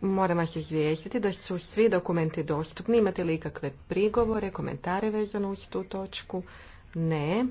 Moram vas izvijestiti da su svi dokumenti dostupni. Imate li ikakve prigovore, komentare vezano uz tu točku? Ne.